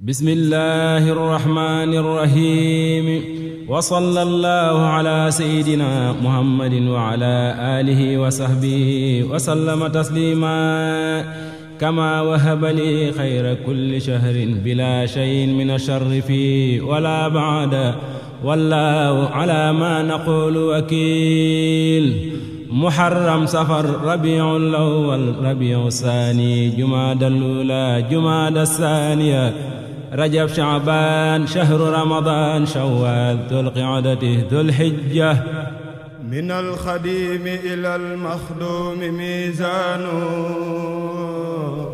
bismillaahi rahmaani rahiim wa sallallaahu alaa sayyidinaa muhammadin wa alaa aalihi wa sahbihi wa sallama tasliimaa kamaa wahaba lii xayra kulli shahrin bilaa shay'in mina sharri fiihi wa laa ba'da wallaahu alaa maa naquulu wakiil muharram safar rabiul awwal rabiul saani jumaadal uulaa jumaadal saaniya rajab shaaban shahru ramadan shawwal dul qiadati dul hijja min alxadimi ila almaxdumi miizaanu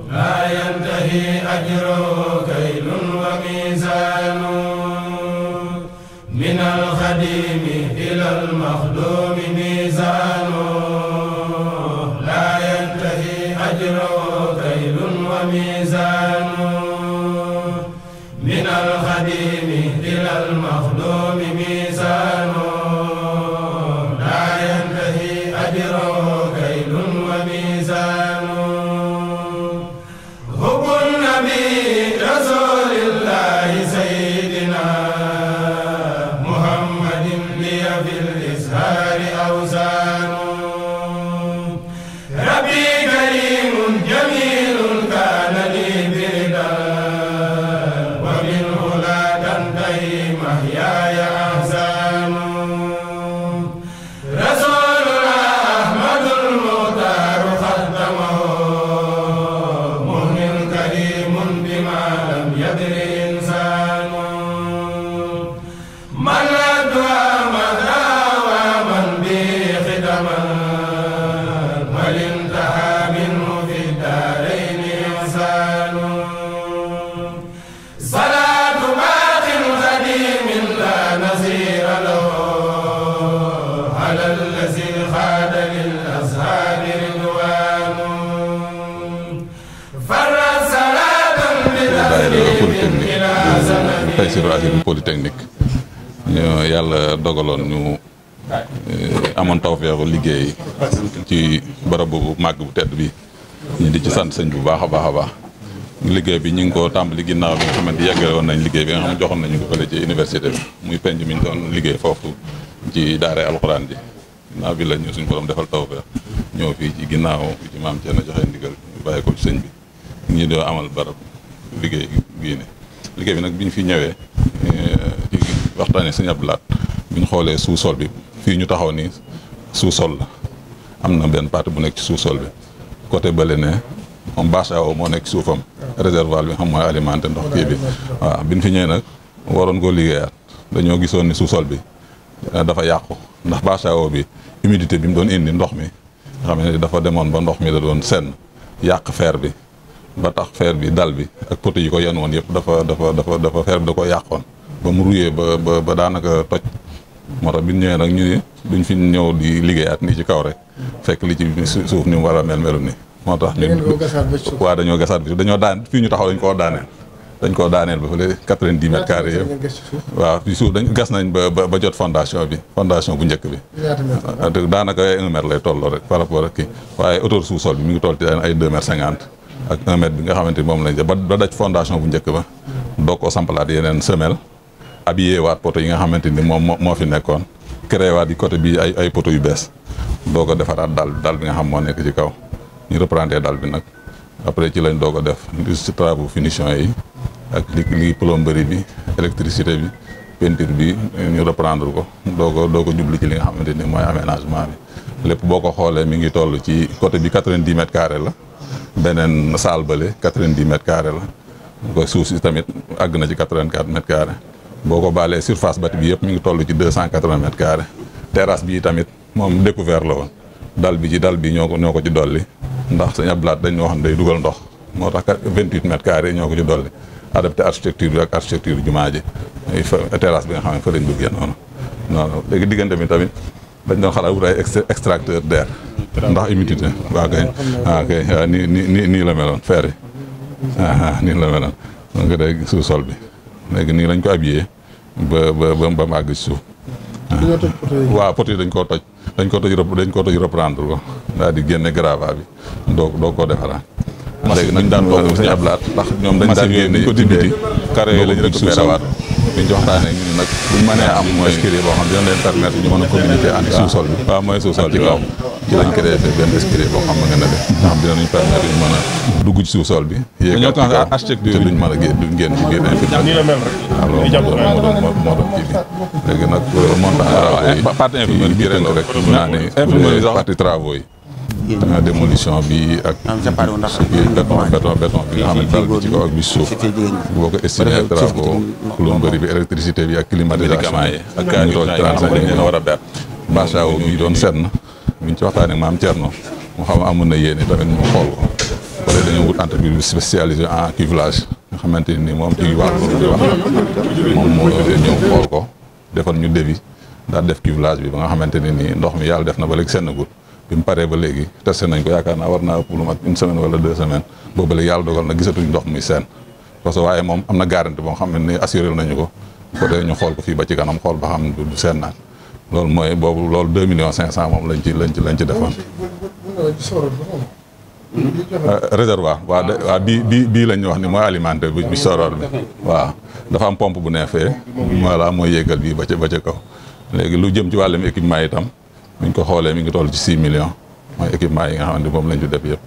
laa yantahi ajruhu kaylun wa miizaanu min alxadimi ila almaxdumi Bassirou Assane polytechnique euh, yàlla dogaloon ñu euh, amoon tawfeexu liggéey ci barab bu màgg bu tedd bi ñu di ci sant sëñ bu baax a baax a baax liggéey bi ñu ngi ko tàmbali ginnaaw bi nga xamante yeggale woon nañ liggéey bi nga xam joxoon ko fële ci université bi muy penc mi ñu doon liggéey foofu ci daara alxuraan ji ginnaaw bi la ñu suñu defal taw tawfeex ñëw fii ci ginnaaw ci maam Thierno joxe ndigal bàyyi ko ci sëñ bi ñu doo amal barab liggéey gii liggéey bi nag bi ñu fi ñëwee eh, waxtaanee sëñ Abdou Lahad bi ñu xoolee sous-sol bi fii ñu taxaw nii sous-sol la am na benn partie bu nekk ci sous-sol bi côté bële ne moom bâche moo nekk suufam réservoir bi xam mooy alimenté ndox kii bi waaw bi fi ñëwee nag waroon koo liggéeyaat dañoo gisoon ni sous-sol bi eh, dafa yàqu ndax bâche bi humidité bi mu doon indi ndox mi nga xam ne dafa demoon ba ndox mi da doon seen yàq fer bi ba tax fer bi dal bi ak poto yi ko yan woon yëpp dafa dafa dafa dafa fer bi da ko yàqoon ba mu ruyee ba ba ba daanaka toj moo tax bi ñu ñëwee nag ñu ne duñ fi ñëw di liggéeyaat nii ci kaw rek fekk li ci suuf ni mu war a mel melum ni moo tax ñun waaw dañoo gasaat bi dañoo daan fii ñu taxaw koo daaneel dañ koo daaneel ba fële quatre-vingt-dix mètres carrés yëpp waaw suuf dañ gas nañ ba jot fondation bi fondation bu njëkk bi daanaka un mètre lay tolloo rek par rapport ak kii waaye hauteur sous-sol bi mi ngi toll ci ay deux ak un bi nga xamante ni moom lañ def ba daj fondation bu njëkk ba doo ko sampalaat yeneen semelle habillé waat poto yi nga xamante ni moom moo fi nekkoon créé waat yi côté bi ay ay poto yu bees doo ko defaraat daal daal bi nga xam moo nekk ci kaw ñu reprendre daal bi nag après ci lañ doo ko def ci travaux finition yi ak li li plomberie bi électricité bi peinture bi ñu reprendre ko doo doo ko jubli ci li nga xamante ni mooy aménagement bi lépp boo ko xoolee mi ngi toll ci côté bi 90 mètres carrés la beneen saal bale quatre-vingt-dix mètres carrés la ko suuf si tamit àgg na ci quatre-vingt-quatre mètres carrés boo ko baalee surface bâtie bi yëpp mi ngi toll ci deux cent quatre-vingts mètres carrés terrasse bii tamit moom découvert la woon dal bi ci dal bi ñoo ko ñoo ko ci dolli ndax Sëñ Abdou Lahad dañ ñoo xam ne day dugal ndox moo tax vingt-huit mètres carrés ñoo ko ci dolli adapté architecture bi ak architecture jumaa ji terrasse bi nga xam ne fa lañ duggee noonu noonu léegi diggante bi tamit dañ doon xalaat wut ay extracteur d'air ndax humidité waaw kay nii nii nii la meloon fer yi ah, ah, nii la meloon donc day sol bi léegi nii lañ ko ab ba ba ba mu àgg ci suuf ah. waaw poto yi dañ koo toj dañ ko toj dañ koo toj reprendre ko daal di génne grava bi doo ko koo defaraat léegi nañ daan toog sëñ Ablaat ndax ñoom dañ daan yooyu dañ ko dibiti carré yooyu lañ récupéré waat liñ ci waxtaanee ñun nag buñ mënee am mooy escalier boo xam dina leen permettre ñu mën a communiquer ànd sous-sol bi waaw mooy sous bi waaw ci lañ créé fee benn escalier boo xam nga ne de nga xam dinañ permettre ñu mën a dugg ci sous-sol bi yéeg architecture duñ mën a duñ génn ci biir infirmerie waaw loolu moo doon a doon kii bi léegi nag euh, montant ah, ah, ah, partie infirmerie bi rek naa ne partie travaux yi Ah, démolition bi ak. Ah, béton béton béton bi nga xam ne daal bi ci kaw ak bi suuf. boo ko estimé travaux plomberie bi mi doon senn mi ñu ci waxtaanee ak maam Thierno mu amoon na yéene tamit mu xool ko wala dañoo wut entreprise bi spécialisée en cuvelage nga xamante ni moom ci wàllu di wax moom moo ñëw xool ko defal ñu devis daal def cuvelage bi ba nga xamante ne nii ndox mi yàlla def na ba léegi sennagul bi mu paree ba léegi testé nañ ko yaakaar naa war naa ëpp lu mat une semaine wala deux semaines boobu léegi yàlla dogal na gisatuñ ndox muy seen parce que waaye moom am na garantie boo xam ne ni assuré nañu ko ko dee ñu xool ko fii ba ci kanam xool ba xam du seen naan loolu mooy boobu loolu deux millions cinq cent moom lañ ci lañ ci lañ ci defoon euh, réservoir waaw waaw bii bii bii lañ wax ni mooy alimentaire bi bi soroor bi waaw dafa am pompe bu neefee voilà mooy yéegal bii ba ca ba ca kaw léegi lu jëm ci wàllum équipement itam mi ngi ko xoolee mi ngi toll ci six millions mooy équipement yi nga xamante moom lañ ci def yëpp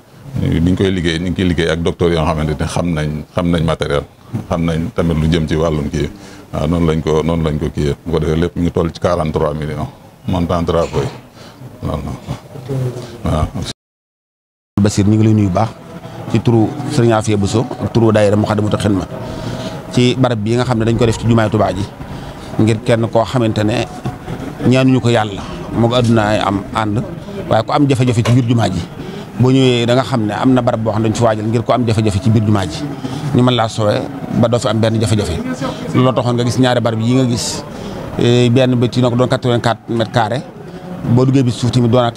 ni koy liggéey ñu ngi koy liggéey ak docteur yoo xamante ne xam nañ xam nañ matériel xam nañ tamit lu jëm ci wàllum kii waaw noonu lañ ko noonu lañ ko kii bu ko defee lépp mi ngi toll ci quarante trois millions montant travaux yi loolu la waaw. Basir ñu ngi lay nuyu baax ci turu Serigne Afia Bousso ak turu daayira Moukhaddamatoul Khidma ci barab bii nga xam ne dañ ko def ci jumaay Tuubaa ji ngir kenn koo xamante ne ñaanuñu ko yàlla. moo ko àdduna ay am ànd waaye ku am jafe-jafe ci biir jumaa ji boo ñëwee da nga xam ne am na barab boo xam ne dañ fi waajal ngir ku am jafe ci biir jumaa ji ñu mën laa sowe ba doo fi am benn jafe-jafe looloo taxoon nga gis ñaari barab yi nga gis e, benn ba ci na ko doon 84 mètres boo duggee bi suuf tamit doon na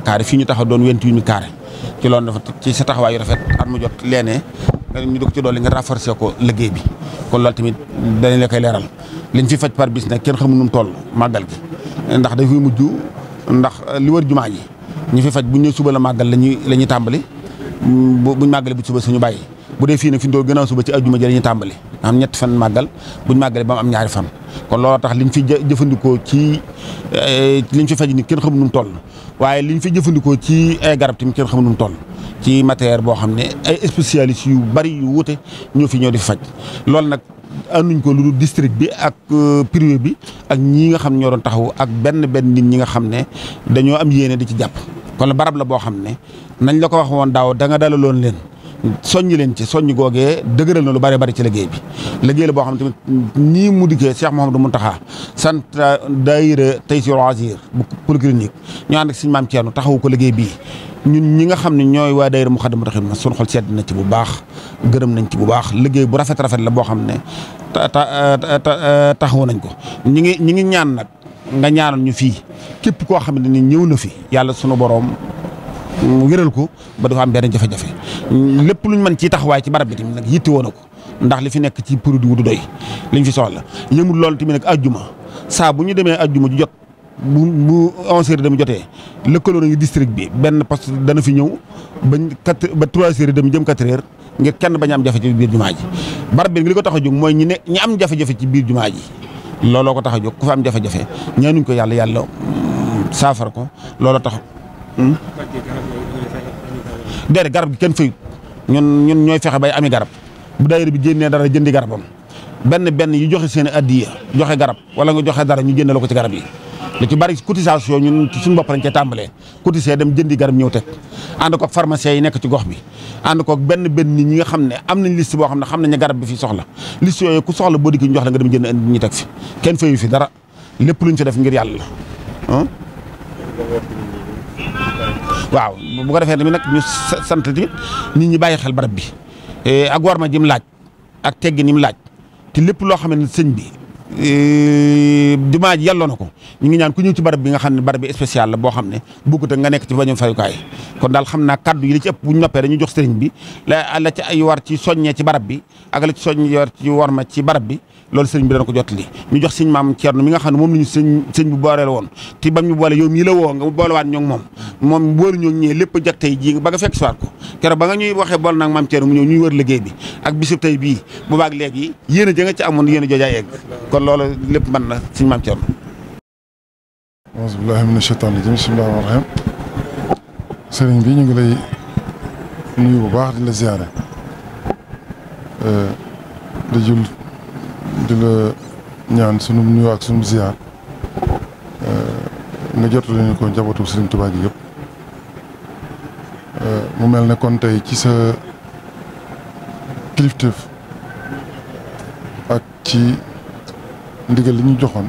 84 fii ñu taxaw doon 28 mètres carrés ci loolu dafa ci sa taxawaayu rafet at mu jot leenee ñu di ko ci dolli nga renforcer ko liggéey bi kon loolu tamit danañ la koy leeral liñ fi faj par bis nag kenn xamul nu mu toll màggal gi ndax dañ koy mujj ndax li wër jumaa ji ñu fi faj bu ñëw suba la màggal la ñuy la ñuy tàmbali bu màggale bu suba suñu bàyyi bu dee fii nag fi gën a suba ci ajjuma ji la ñuy tàmbali nga xam ñetti fan màggal buñ màggale ba mu am ñaari fan kon looloo tax liñ fi jëfandikoo ci eh, liñ fi faj ni kenn xamu nu mu toll waaye liñ fi jëfandikoo ci ay eh, garab tamit kenn xam nu mu ci matériel boo xam ne ay spécialistes yu bari yu wuute ñoo fi ñëw di faj loolu nag ànduñ ko lu district bi ak euh, privé bi ak ñi nga xam ne ñoo doon taxaw ak benn benn nit ñi nga xam ne dañoo am yéene di ci jàpp. kon barab la boo xam ne nañ la ko wax woon daaw da nga dalaloon leen soññ leen ci soññ googee dëgëral na lu bari bari ci liggéey bi liggéey la boo xam ne tamit nii mu dikkee Cheikh Mouhamadou taxa sant daayira Taysiroul Asir bu Polyclinique ñu ànd ak suñu maam Thierno taxawu ko liggéey bii. ñun ñi nga xam ne ñooy waa daayira Moukhaddamatoul Khidma sunu xol sedd na ci bu baax gërëm nañ ci bu baax liggéey bu rafet rafet la boo xam ne ta ta taxawu nañ ko ñi ngi ñi ngi ñaan nag nga ñaanal ñu fii képp koo xam ne ni ñëw na fi yàlla sunu boroom wéral ko ba dafa am benn jafe-jafe lépp luñ mën ciy taxawaay ci barab bi tamit nag yittewoo na ko ndax li fi nekk ci produit du doy liñ fi soxla yëmul loolu tamit nag ajjuma saa bu ñu demee ajjuma ju jot. bu bu onze heures dem jotee lëkkaloo nañu district bi benn poste dana fi ñëw ba quatre ba trois heures dem jëm quatre heures ngir kenn bañ am jafe ci biir jumaa ji barab bi li ko tax a jóg mooy ñi ne ñi am jafe ci biir jumaa ji looloo ko tax a jóg ku am jafe-jafe ñaanuñ ko yàlla yàlla mm, saafara ko looloo tax. Hmm? déedéet garab gi kenn fayut ñun ñun ñooy fexe bay ami garab bu daayira bi génnee dara jëndi garabam benn benn yu joxe seen addiya joxe garab wala nga joxe dara ñu génne la ko ci garab yi. lu ci bari cotisation ñun suñu bopp ca tàmbalee cotisé dem jëndi garab ñëw teg ànd koog pharmacien yi nekk ci gox bi ànd koog benn benn nit ñi nga xam ne am nañ liste boo xam ne xam nañ garab bi fi soxla liste yooyu ku soxla boo dikkee ñu jox la nga dem ñu teg fi kenn fayu fi dara lépp luñ fi def ngir yàlla la waaw bu ko defee tamit nag ñu sant tamit nit ñi bàyyi xel barab bi eh, ak war ma jim laaj ak teggi nim laaj te lépp loo xam ne sëñ bi Euh, jumaa ji yàlloo na ko ñu ngi ñaan ku ñëw ci barab bi nga xam ne barab bi spécial la boo xam ne bukkut nga nekk ci bañu fayukaay kon daal xam naa kaddu yi ci ëpp bu ñu noppee dañu jox sëriñ bi la la ci ay war ci soññee ci barab bi ak la ci soññee war ma ci barab bi loolu sëriñ bi dana ko jottali ñu jox sëñ maam Thierno mi nga xam ne moom la ñu sëñ sëñ bu booleel woon te bam ñu boole yow mii la woo nga boolewaat ñoo ngi moom moom boolu ñoo ngi ñëwee lépp jag tey jii ba nga fekk siwaat ko keroog ba nga ñuy waxee bool nag maam Thierno mu ñëw ñuy wër bi ak bisub tey bii bu baag léegi yéen a ja nga ci amoon yéen a joojaay egg kon lépp mën na ci maam Thierno. auzu billaahi mina shaytaani rajiim bismillaahi bi ñu ngi lay bu baax di la ziare eh, di jul di la ñaan sunu nuyu ak sunu ziar eh, nga jot lañu ko njabootu sëriñ Tuubaa gi yëpp eh, mu mel ne kon tey ci sa kilifteef ak ci ndigal li ñu joxoon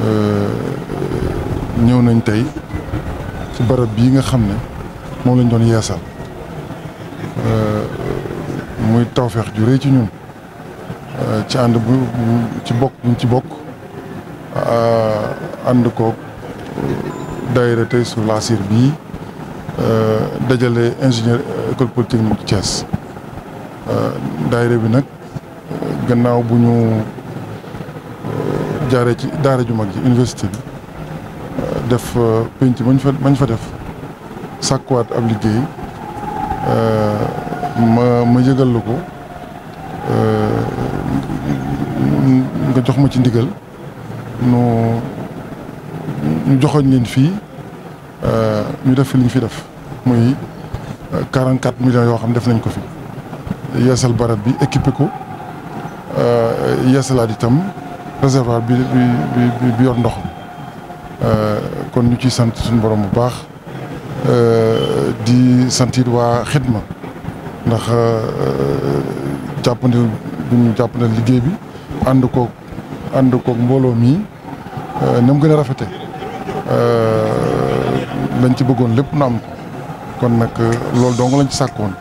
euh, ñëw nañ tey ci barab bii nga xam ne moom lañ doon yeesal euh, muy tawfeex ju rëy ci ñun euh, ci ànd bu ci bokk buñ ci bokk ànd ko daayira tey sur laasir bii dajale ingénieur école polytechnique bu Thiès daayira bi nag gannaaw bu jaaree ci daara ju mag ji université bi euh, def euh, pénc mañ fa fa def sàkkuwaat ab liggéey euh, ma ma yëgal la ko nga jox ma ci ndigal nu ñu joxoñ leen fii ñu def fi liñ fi def muy 44 million yoo xam def nañ ko fi yeesal barab bi équipé ko yeesalaat itam réservoir bi bi bi yor ndox euh, kon ñu ciy sant suñ boroom bu baax euh, di sant waa waa ma ndax euh, jàppandi bu ñu liggéey bi ànd koog ànd koog mbooloo mii na mu gën a rafete lañ ci bëggoon lépp na am ko kon nag loolu dong lañ ci sàkkoon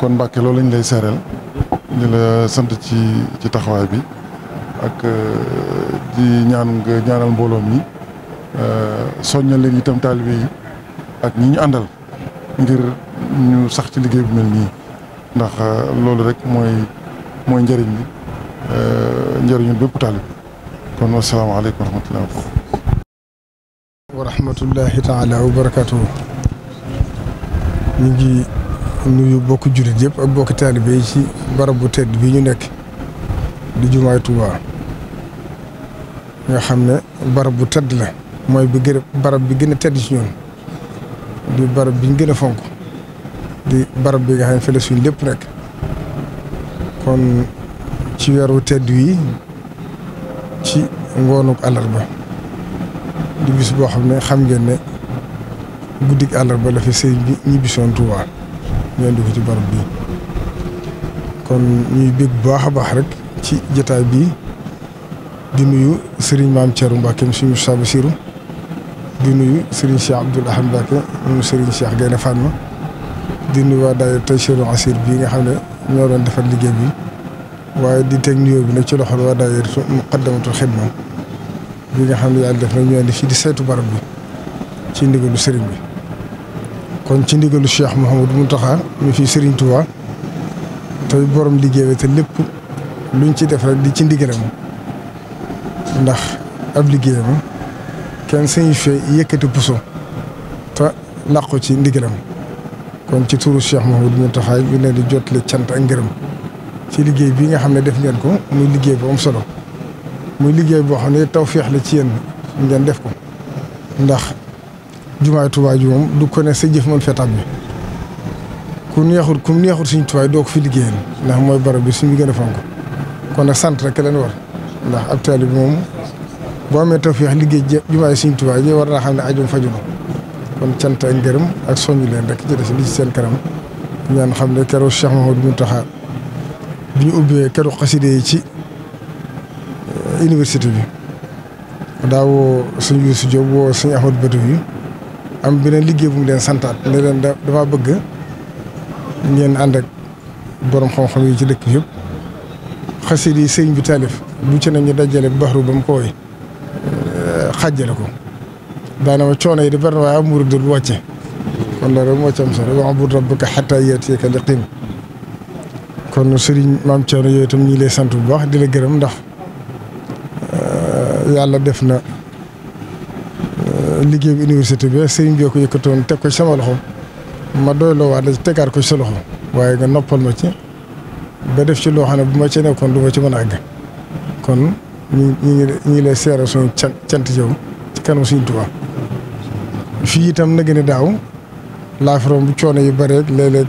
kon Mbàkke loolu lañ lay seereel di la sant ci ci taxawaay bi ak euh, di ñaan ñaanal mbooloo mi euh, soññal leen itam taalibe yi ak ñi àndal ngir ñu sax ci liggéey bu mel nii ndax euh, loolu rek mooy mooy njëriñ bi njëriñu bépp taalibe kon wasalaamaaleykum wa rahmatullahi wa rahmatullahi ñu ngi nuyu bokk jullit yëpp ak bokk taalibe yi ci barab bu tedd bi ñu nekk di jumaay Tuubaa nga xam ne barab bu tedd la mooy bi gën a barab bi gën a tedd ci ñun di barab bi ñu gën a fonk di barab bi nga xam ne lépp nekk kon ci weeru yi ci ngoonuk àllarba di boo xam ne xam ngeen ne guddik àllarba la fi sëriñ bi ñibbisoon Tuubaa ñu indi ko ci barab bi kon ñuy bég bu baax a ci jotaay bi di nuyu Serigne Maam Thierno Mbacke mu suñu Moussa Bassirou di nuyu Serigne Cheikh Abdoul Ahad Mbacke mu Serigne Cheikh Gaïndé Fatma di nuyu waa daayira Taysiroul Assir bii nga xam ne ñoo doon defar liggéey bi waaye di teg nuyoo bi nag ci loxol waa daayira Muqaddamatul Xidma bi nga xam ne yàlla def na ñoo di fii di saytu barab bi ci ndigalu Serigne bi kon ci ndigalu Cheikh mu Mountakha ñu fi Serigne Touba tey boroom liggéey bi te lépp luñ ci def rek di ci ndigalam. ndax ab liggéeyam kenn sañu fee yëkkati puso te làqu ci ndigalam kon ci turu Cheikh Mouhamadou Mountakha ñu ne di jotale cant ak ngërëm ci liggéey bii nga xam ne def ngeen ko muy liggéey bu solo muy liggéey boo xam ne taw feex la ci yéen ngeen def ko ndax jumaay Tuubaa ji moom du ko ne sa jëf mën fee tàbbi ku neexul ku neexul suñu tubaay doo ko fi liggéeyal ndax mooy barab bi suñu gën a fonk kon nag sant rek leen war. ndax ab taalibe bi moom boo amee tawfeex liggéey jumaay Sëriñ Tuubaa ji war naa xam ne ajum faju na kon cant ak ngërëm ak soññu leen rekk ci des li ci seen kanam ñaan xam ne keroog Cheikh Mouhamadou Mountakha bi ñu ubbee keroog xaside ci eh, université bi daa woo suñ Youssou Diop woo suñ am beneen liggéey bu mu leen santaat ne leen dafa bëgg ngeen ànd ak borom yi ci dëkk yëpp xaside yi bi taalif bu ci nañu dajale baxru ba mu ko woy euh, xàjjale ko daanaka coono yi di bari waaye amuru dul wàcce kon loolu moo ci am solo wa'bud rabbaka hattaa ya'tiyakal yaqiin kon Serigne maam Thierno yooyu itam ñu ngi lay sant bu baax di la gërëm ndax euh, yàlla def na euh, liggéey bi université bi Serigne bi ko ko ci ma doy loo waat la tegaat ko ci sa waaye nga noppal ma ci ba def ci loo xam ne bu ma ci nekkoon du ma ci mën a àgg. kon ñu ñu ngi lay seeral suñu cant yow ci kanam suñu Tuubaa fii itam na gën a daaw laafiroom bu coono yu bare léeg-léeg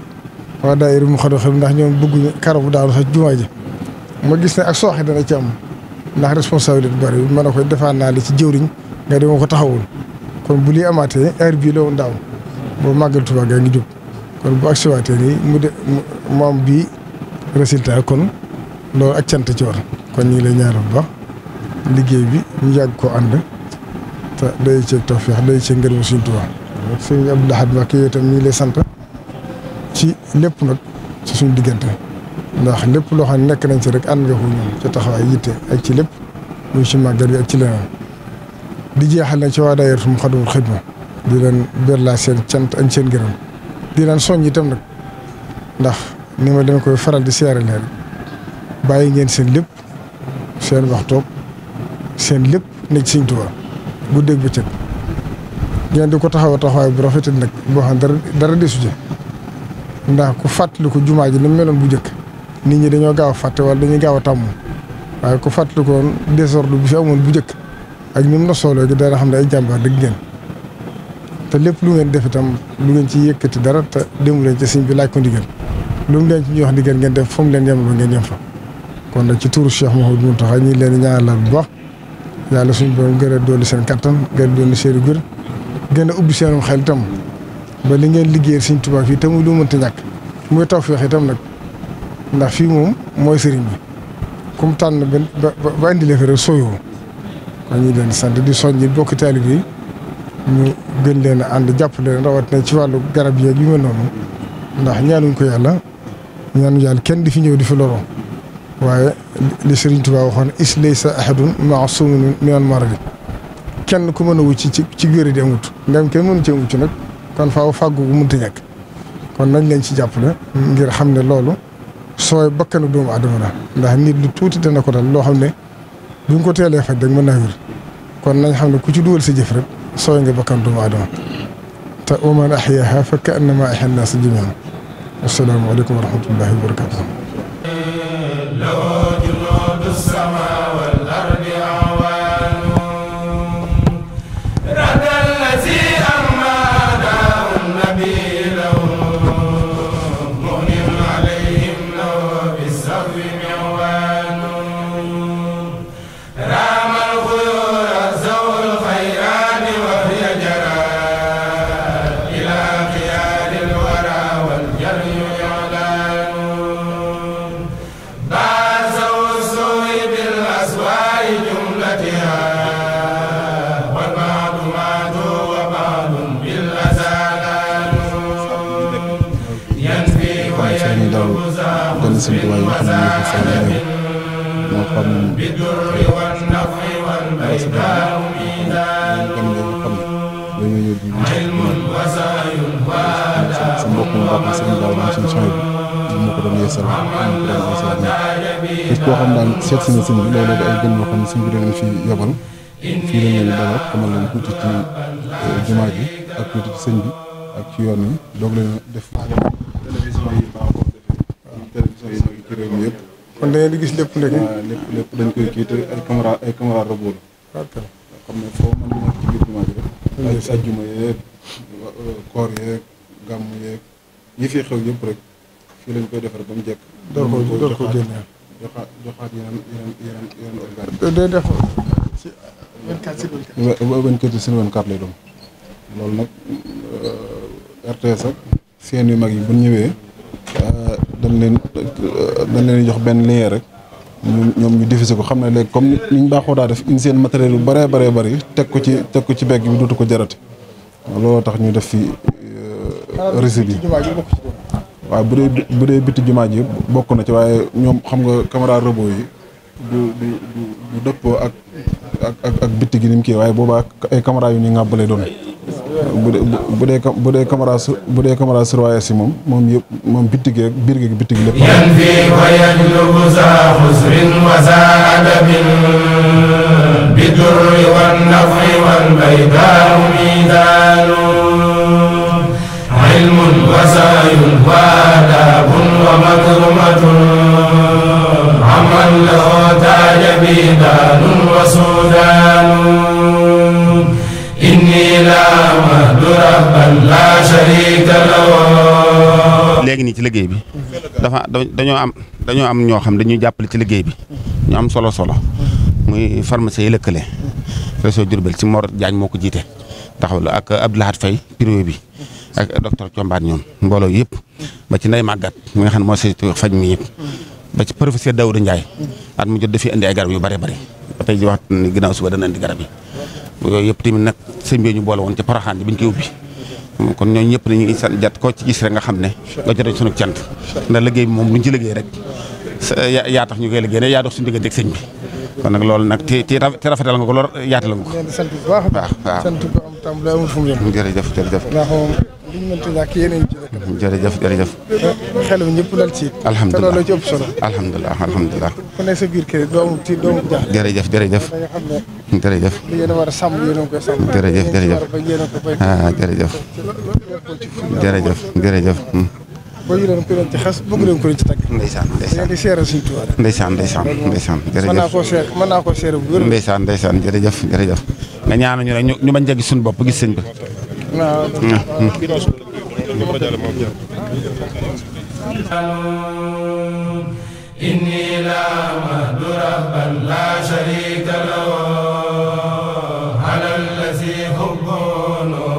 waa daayira mu xado xam ndax ñoom bëgguñu karo bu daaw sax jumaa ji ma gis ne ak sooxe dana ci am ndax responsabilité bu bëri mën a koy defaan naa li ci jëwriñ nga dima ko taxawul kon bu lii amaatee heure bii la woon daaw boobu màggal Tuubaa gaa ngi jub kon bu agsiwaatee nii mu de mu am bii résultat kon loolu ak cant ci war kon ñu ngi lay ñaanal ba liggéey bi ñu yàgg koo ànd te doy ci tawfeex doy ci ngërëm Sëriñ Tuubaa. Sëriñ Abdou Lahad Mbacké yow tam ñu ngi lay sant ci lépp nag ci suñu diggante ndax lépp loo xam ne nekk nañ ci rek ànd nga ko ñoom ci taxawaay yitte ak ci lépp lu ci màggal bi ak ci leneen di jeexal na ci waa daayira Moukhaddamatoul Khidma di leen berla seen cant ak seen ngërëm di leen soññ itam nag ndax ni ma dama koy faral di seere leen bàyyi ngeen seen lépp. seen waxtoog seen lépp nekk Sëriñ Tuubaa bu dégg bëccëg ngeen di ko taxaw taxawaay bu rafetal nag boo xam dara desu ci ndax ku fàttali ko jumaa ji ni mu meloon bu njëkk nit ñi dañoo gaaw a fàtte wala dañuy gaaw a tàmm waaye ku fàttali ko woon désordre bu fi amoon bu njëkk ak ni mu na sooloo gi xam ne ay jàmbaar dëgg ngeen te lépp lu ngeen def itam lu ngeen ci yëkkati dara te demu leen ci sëñ bi laaj ko ndigal lu mu leen ci ñuy wax ndigal ngeen def fu leen yemloo ngeen kon nag ci turu Cheikh Mouhamadou Mountakha ñi leen ñaanal bu baax yàlla suñu borom gën a dolli seen kattan gën a dolli seen gër gën a ubbi seenum xel itam ba li ngeen liggéeyal Sëriñ Tuubaa fii te muy lu mënta ñàkk muy tawfeex tam nag ndax fii moom mooy sëriñ bi comme tànn ba ba indi leen fi rek sooyoo kon ñu leen sant di soññi bokki taalib yi ñu gën leen a ànd jàpp leen rawatina ci wàllu garab yeeg yu mel noonu ndax ñaanuñ ko yàlla ñaanu yàlla kenn di fi ñëw di fi loroo waaye li Serigne Touba waxoon is laysa ahadun maasumun minal maradi kenn ku mën a wucc ci ci wér di amut ndem kenn mënu cee wucc nag kon faaw fàggu gu mënta ñàkk kon nañ leen ci jàpp le ngir xam ne loolu sooy bakkanu doomu aadama na ndax nit lu tuuti dana ko dal loo xam ne buñ ko teelee faj rek mën naa wér kon nañ xam ne ku ci dugal si jëf rek sooy nga bakkanu doomu aadama te wa man ahyaha fa ka annama ahya an-naas jamii'an asalaamaaleykum wa rahmatullahi wa barakaatuh السماء jëmmi Sëñ Tuubaa yi ko bi moo ko doon yeesal moo ko doon koo xam daal seet si na sëñ bi loolu ay gën yoo xam ne sëñ bi dañu fi yebal fii la ñu xamal leen tuuti ci jumaa ak tuuti ci sëñ bi ak ci yoon wi doog leen def télévision yi réew mi yëpp. kon da ngeen di gis lépp léegi. waaw lépp lépp dañ koy kii te ay caméra ay caméra robot la. ok xam ne sajjuma yeeg euh, koor yeeg gàmm yeeg yi fi xew yëpp rek fi lañ koy defar ba mu jekk. door ko door ko génne joxaat joxaat yeneen yeneen yeneen organes. day def ci 24 euh, sur 24. 24 sur 24 lay doon. loolu nag euh, RTS ak seen yu mag yi bu ñëwee. dañ leen dañ leen jox benn lien rek ñoom ñu diffusé ko xam ne léegi comme ni ñu baaxoo daa def indi seen matériel yu bëree bëree bëri teg ko ci teg ko ci begg bi dootu ko jarati looloo tax ñu def fi euh, résil yi waaw bu dee bu dee bokk na ci waaye ñoom xam nga caméra yi du du du dëppoo ak ak ak biti gi ni mu kii waaye booba ay caméra yu ñuy ŋàbbalee doon bu dee bu dee bu dee Camara bu dee Camara Surwaayas yi moom moom yëpp moom bitig yeeg biir gi bitig lépp. yan fii wa yatlubu saa xusrin wa saa adabin bi durri wan nafri wal baydaa miidaanu ilmun wa saayun wa adabun wa makrumatun amman lahu taajabidaanun wa suudaanun inni laa ahmadu rabban laa sharika lahu léegi nii ci liggéey bi dafa dañoo am dañoo am ñoo xam dañuy jàppale ci liggéey bi ñu am solo solo muy pharmacie yi lëkkale réseau Diourbel si Mor Diagne moo ko jiite taxawlu ak Abdou Lahad Faye privé bi ak docteur Combaan ñoom mbooloo yëpp ba ci nay màggat mi nga xam ne moo saytu faj mi yëpp ba ci professeur Daouda Ndiaye at mu jot dafiy indi ay garab bare bari bari ji tey ji wax ginnaaw suba dana indi garab yi yooyu yëpp mi nag sëñ ñu boole woon ci paraxaan bi ñu koy ubbi kon ñooñu ñëpp nañu sant jat koo ci gis rek nga xam ne nga jotee sunu cant ndax liggéey bi moom lu ñu ci liggéey rek yaa tax ñu koy liggéey ne yaa dox suñu diggante ak sëñ bi kon nag loolu nag te te rafetal nga ko lool yaatal nga ko waaw waaw tàmbali amul fu mu yem. jërëjëf jërëjëf. ndax moom li ñu mënti ñàkk yéen a ngi ci rek. jërëjëf jërëjëf. xel mi ñëpp dal ci. alhamdulilah te loolu ci ëpp solo. alhamdulilah alhamdulilah. ku ne sa biir kër doomu ci doomu jaaxle. jërëjëf jërëjëf. jërëjëf. li ngeen war a sàmm yéen a koy sàmm. jërëjëf jërëjëf. ah jërëjëf. jërëjëf jërëjëf. Hmm. boo yoroon ku leen ci xas bëgg leen ku leen ci tàgg. ndeysaan ndeysaan di seeral suñu tubaab. ndeysaan ndeysaan ndeysaan jërëjëf mën naa koo seer mën naa koo seer bu wér. ndeysaan ndeysaan jërëjëf jërëjëf nga ñaanal ñu rek ñu bañ jéggi suñu bopp gis sëñ bi. إني لا مهد ربا لا شريك له على الذي هو